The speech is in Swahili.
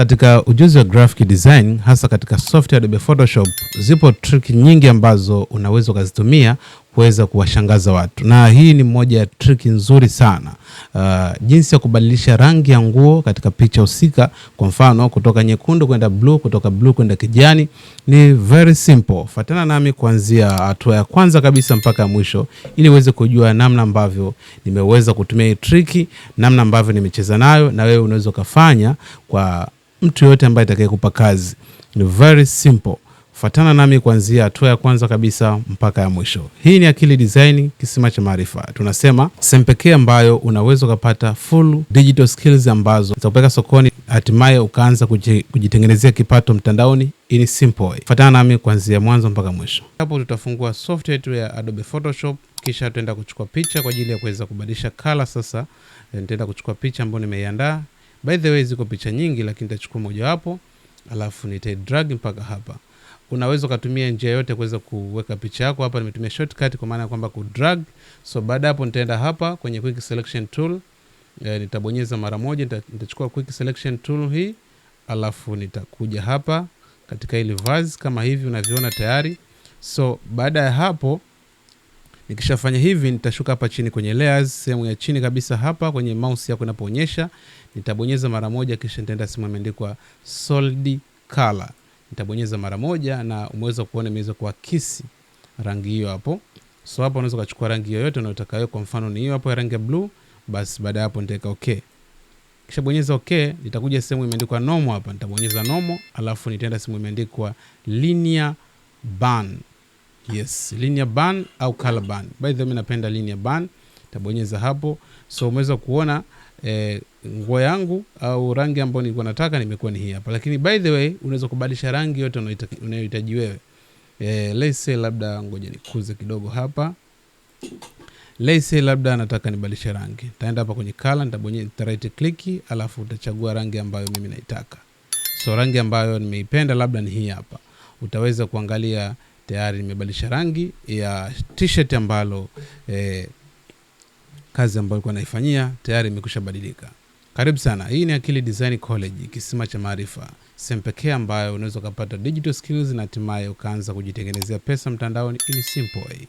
Katika ujuzi wa graphic design, hasa katika software Adobe Photoshop, zipo trick nyingi ambazo unaweza ukazitumia kuweza kuwashangaza watu, na hii ni moja ya trick nzuri sana. Uh, jinsi ya kubadilisha rangi ya nguo katika picha husika, kwa mfano kutoka nyekundu kwenda blue, kutoka blue kwenda kijani, ni very simple. Fatana nami kuanzia hatua ya kwanza kabisa mpaka mwisho, ili uweze kujua namna ambavyo nimeweza kutumia hii trick, namna ambavyo nimecheza nayo, na wewe unaweza ukafanya kwa mtu yoyote ambaye atakayekupa kazi. Ni very simple. Fatana nami kuanzia hatua ya kwanza kabisa mpaka ya mwisho. Hii ni Akili Design, kisima cha maarifa. Tunasema sehemu pekee ambayo unaweza ukapata full digital skills ambazo zitakupeleka sokoni, hatimaye ukaanza kujitengenezea kipato mtandaoni. Ini simple. Fatana nami kuanzia mwanzo mpaka mwisho. Hapo tutafungua software yetu ya Adobe Photoshop, kisha tutaenda kuchukua picha kwa ajili ya kuweza kubadilisha kala. Sasa nitaenda kuchukua picha ambayo nimeiandaa. By the way, ziko picha nyingi, lakini nitachukua mojawapo alafu nita drag mpaka hapa. Unaweza ukatumia njia yote kuweza kuweka picha yako. Hapa nimetumia shortcut kwa maana kwamba ku drag. So baada hapo nitaenda hapa kwenye quick selection tool e, nitabonyeza mara moja, nitachukua quick selection tool hii alafu nitakuja hapa katika ile vase kama hivi unavyoona tayari. So baada ya hapo nikishafanya hivi nitashuka hapa chini kwenye layers, sehemu ya chini kabisa hapa kwenye mouse yako inapoonyesha Nitabonyeza mara moja, kisha nitaenda sehemu imeandikwa solid color. Nitabonyeza mara moja na umeweza kuona imeweza kuakisi rangi hiyo hapo. So hapo unaweza kuchukua rangi yoyote unayotaka wewe, kwa mfano ni hiyo hapo ya rangi ya blue, basi baada hapo nitaweka okay. Kisha bonyeza okay, nitakuja sehemu imeandikwa normal hapa, nitabonyeza normal, alafu nitaenda sehemu imeandikwa linear burn. Yes, linear burn au color burn. By the way, mimi napenda linear burn. Tabonyeza hapo. So umeweza kuona eh, nguo yangu au rangi ambayo nilikuwa nataka nimekuwa ni hii hapa, lakini by the way unaweza kubadilisha rangi yote unayohitaji wewe. Eh, let's say labda, ngoja nikuze kidogo hapa. Let's say labda nataka nibadilishe rangi, nitaenda hapa kwenye color, nitabonyeza, nita right click, alafu utachagua rangi ambayo mimi naitaka. So rangi ambayo nimeipenda labda ni hii hapa, utaweza kuangalia tayari nimebadilisha rangi ya t-shirt ambalo eh, kazi ambayo alikuwa anaifanyia tayari imekwisha badilika. Karibu sana. Hii ni Akili Design College, kisima cha maarifa, sehemu pekee ambayo unaweza ukapata digital skills na hatimaye ukaanza kujitengenezea pesa mtandaoni ili simple